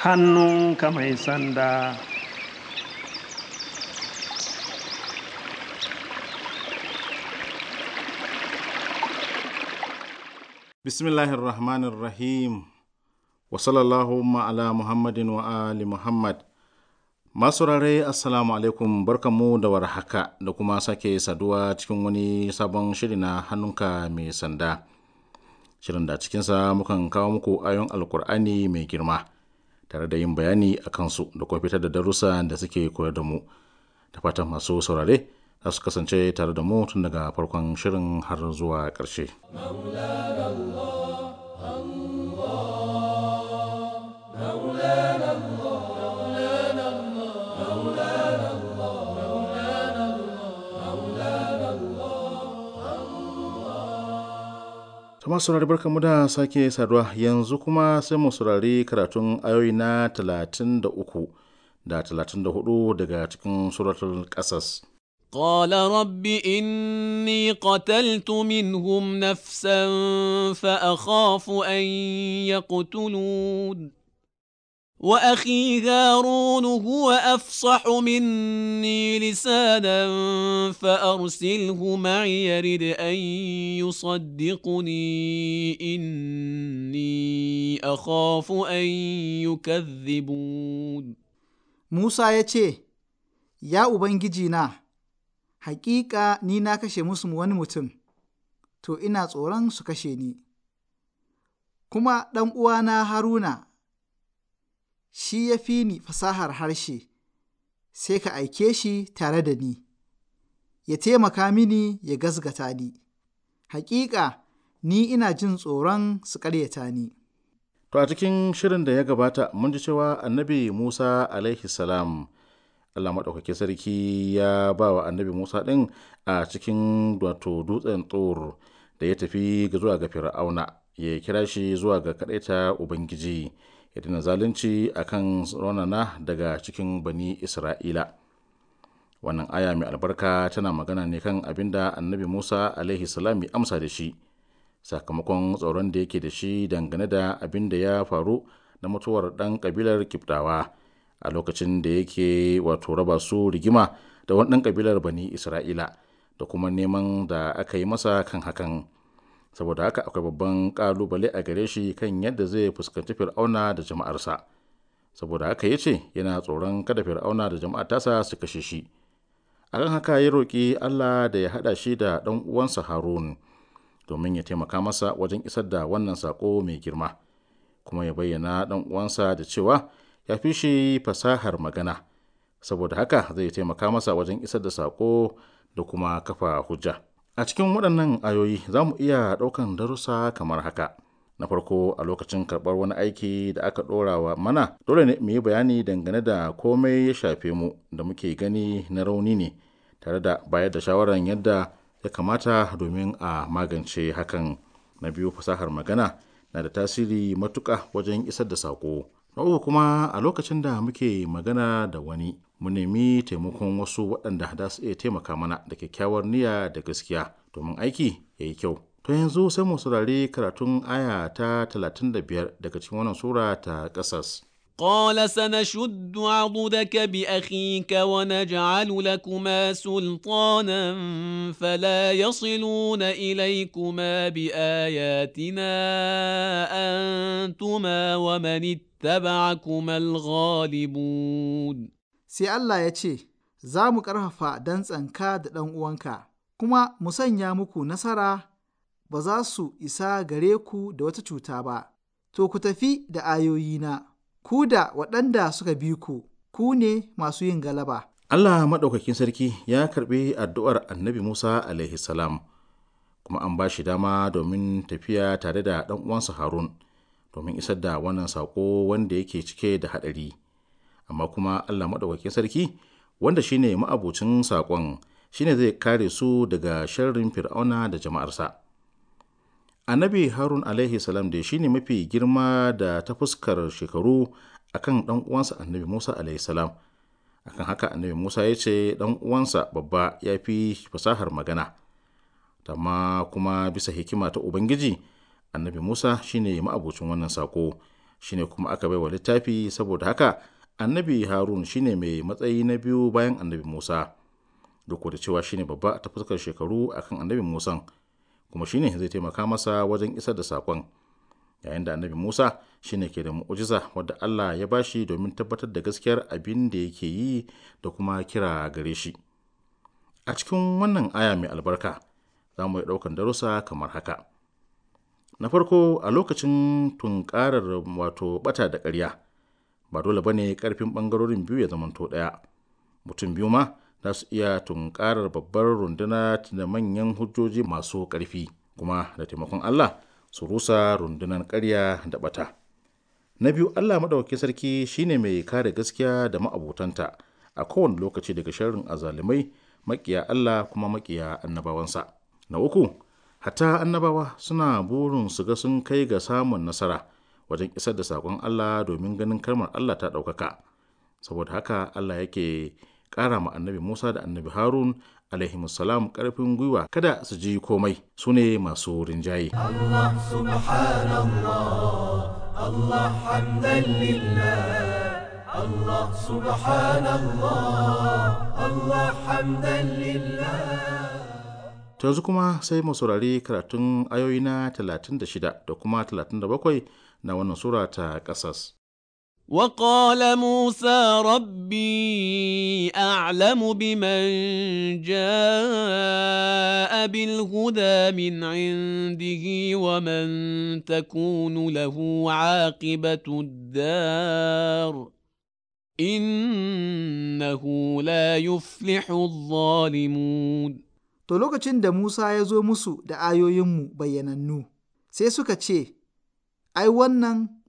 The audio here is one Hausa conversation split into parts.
hannunka mai sanda rahim wa sallallahu ala muhammadin wa ali muhammad masu rare assalamu alaikum barkanmu da warhaka da kuma sake saduwa cikin wani sabon shiri na hannunka mai sanda shirin da cikinsa mukan kawo muku ayon alkur'ani mai girma tare da yin bayani a kansu da kuma fitar da darussa da suke koyar da mu ta fatan masu saurare za su kasance tare da mu tun daga farkon shirin har zuwa ƙarshe. Allah. Tama saurari barkanmu da sake saduwa yanzu kuma sai mu saurari karatun ayoyi na 33 da 34 daga cikin suratul ƙasas. قال رب إني قتلت منهم نفسا فأخاف أن يقتلون وأخي هارون هو أفصح مني لسانا فأرسله معي يرد أن يصدقني إني أخاف أن يكذبون موسى يتشي يا أبنجينا حقيقة نينا كشي مسلم ونمتم تو إنا تورن سكشيني كما دم kuma هارونا shi ya fi ni fasahar harshe, sai ka aike shi tare da ni, ya taimaka mini ya gasgata ni. Hakika ni ina jin tsoron su ƙaryata ni. To a cikin shirin da ya gabata mun ji cewa annabi Musa alaihi salam Allah maɗaukaki sarki ya ba wa annabi Musa ɗin a cikin wato dutsen tsor da ya tafi zuwa ga Fir'auna ya kira shi zuwa ga kaɗaita Ubangiji. ya dina zalunci a kan ronana daga cikin bani isra'ila wannan aya mai albarka tana magana ne kan abin da annabi musa alaihi salam amsa da shi sakamakon tsoron da yake da shi dangane da abin da ya faru na mutuwar ɗan kabilar kiftawa a lokacin da yake wato raba su rigima da wani ɗan kabilar bani isra'ila da kuma neman da aka yi masa kan hakan saboda haka akwai babban kalubale a gare shi kan yadda zai fuskanci fir'auna da jama'arsa saboda haka ya ce yana tsoron kada fir'auna da jama'a tasa su kashe shi a kan haka ya roƙi allah da ya haɗa shi da ɗan uwansa harun domin ya taimaka masa wajen isar da wannan sako mai girma kuma ya bayyana ɗan uwansa da cewa ya fi shi fasahar magana saboda haka zai taimaka masa wajen isar da sako da kuma kafa hujja. A cikin waɗannan ayoyi za mu iya ɗaukan darussa kamar haka. Na farko a lokacin karɓar wani aiki da aka ɗora wa mana dole ne mu yi bayani dangane da komai ya shafe mu da muke gani na rauni ne tare da bayar da shawarar yadda ya kamata domin a magance hakan. Na biyu fasahar magana na da tasiri matuƙa wajen isar da saƙo. Na kuma a lokacin da muke magana da wani, mu nemi taimakon wasu waɗanda da su iya taimaka mana da kyakkyawar niyya da gaskiya domin aiki ya yi kyau. To yanzu sai mu saurari karatun aya ta 35 daga cikin wannan sura ta ƙasas. قال سنشد عضدك باخيك ونجعل لكما سلطانا فلا يصلون اليكما باياتنا انتما ومن اتبعكما الغالبون sai Allah ya ce za mu ƙarfafa dantsanka da ɗan uwanka kuma mu sanya muku nasara ba za su isa gare ku da wata cuta ba to ku tafi da ayoyina ku da waɗanda suka bi ku, ku ne masu yin galaba. Allah maɗaukakin sarki ya karɓi addu'ar annabi Musa alaihi salam, kuma an ba shi dama domin tafiya tare da ɗan uwansa Harun, domin isar da wannan saƙo wanda yake cike da haɗari. Amma kuma Allah maɗaukakin sarki, wanda shine ma'abucin saƙon, shine zai kare su daga sharrin Fir'auna da jama'arsa. annabi harun alaihi salam da shi ne mafi girma da ta fuskar shekaru akan ɗan uwansa annabi musa alaihi salam akan haka annabi musa ya ce ɗan uwansa babba ya fi fasahar magana amma kuma bisa hikima ta ubangiji annabi musa shine ma'abucin wannan sako shine kuma aka baiwa littafi saboda haka annabi harun shine mai matsayi na biyu bayan annabi musa duk da cewa shine babba ta fuskar shekaru akan annabi musan kuma shine zai taimaka masa wajen isar da sakon yayin da annabi musa shine ke da mu'ujiza wadda allah ya bashi domin tabbatar da gaskiyar abin da yake yi da kuma kira gare shi a cikin wannan aya mai albarka za mu yi ɗaukan darussa kamar haka na farko a lokacin tunkarar wato bata da ƙarya ba dole ba ne ƙarfin ɓangarorin biyu ya zamanto ɗaya mutum biyu ma za su iya tunkarar babbar runduna da manyan hujjoji masu ƙarfi kuma da taimakon Allah su rusa rundunar ƙarya da bata. Na biyu Allah maɗauki sarki shine mai kare gaskiya da ma'abutanta a kowane lokaci daga sharrin azalimai maƙiya Allah kuma maƙiya annabawansa. Na uku, hatta annabawa suna burin su ga sun kai ga samun nasara wajen isar da saƙon Allah domin ganin kalmar Allah ta ɗaukaka. Saboda haka Allah yake kara ma annabi musa da annabi harun alaihimussalam karfin gwiwa kada su ji komai su ne masu rinjaye ta yanzu kuma sai mu saurari karatun ayoyi na 36 da kuma 37 na wannan sura ta ƙasas. وقال موسى ربي أعلم بمن جاء بالهدى من عنده ومن تكون له عاقبة الدار إنه لا يفلح الظالمون To lokacin موسى يزو ya zo يمو da ayoyinmu bayyanannu, sai suka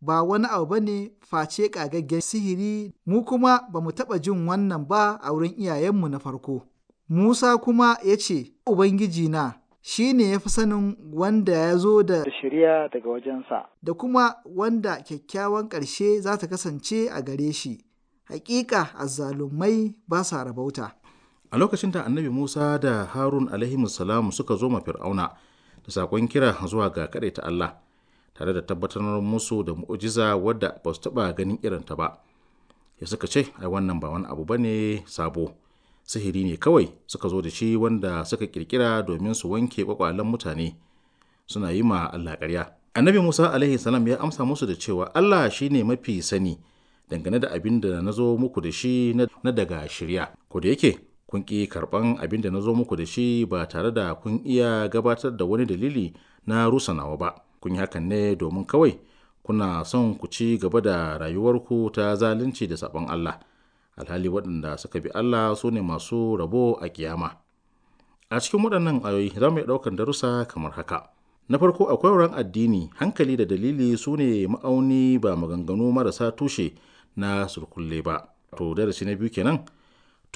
ba wani abu bane face kagaggen sihiri mu kuma ba mu taɓa jin wannan ba a wurin iyayenmu na farko. Musa kuma ya ce, Ubangiji na shi ne ya fi sanin wanda ya zo da shirya daga wajensa, da kuma wanda kyakkyawan ƙarshe za ta kasance a gare shi, hakika azzalumai ba sa rabauta. A lokacin da annabi Musa da Harun alaihi suka zo ma Fir'auna da saƙon kira zuwa ga kaɗai ta Allah, tare da tabbatar musu da mu'ujiza wadda ba su taɓa ganin irinta ba ya suka ce ai wannan ba wani abu ba ne sabo sihiri ne kawai suka zo da shi wanda suka kirkira domin su wanke kwakwalen mutane suna yi ma Allah ƙarya annabi Musa alaihi salam ya amsa musu da cewa Allah shi ne mafi sani dangane da abin da na zo muku da shi na daga shirya ko da yake kun ƙi karɓan abin da na zo muku da shi ba tare da kun iya gabatar da wani dalili na rusanawa ba kun yi hakan ne domin kawai kuna son ku ci gaba da rayuwarku ta zalunci da sabon Allah alhali waɗanda suka bi Allah su ne masu rabo a kiyama a cikin waɗannan ayoyi za mu iya ɗaukar darussa kamar haka na farko akwai wurin addini hankali da dalili su ne ma'auni ba maganganu marasa tushe na surkulle ba to darasi na biyu kenan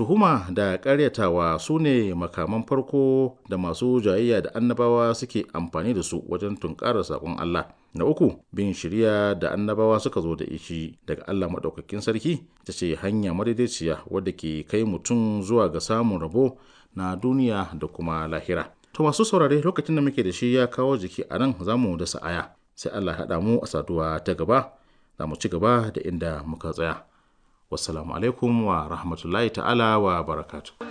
Tuhuma da ƙaryatawa su ne makaman farko da masu jayayya da annabawa suke amfani da su wajen tunkarar saƙon Allah. Na uku, bin shirya da annabawa suka zo da ishi daga Allah maɗaukakin sarki ta ce hanya madaidaiciya wadda ke kai mutum zuwa ga samun rabo na duniya da kuma lahira. ta masu saurare lokacin da muke da shi ya kawo jiki a nan za mu da sa'aya. Sai Allah haɗa mu a saduwa ta gaba, za mu ci gaba da inda muka tsaya. wassalamu alaikum wa rahmatullahi ta'ala wa barakatuh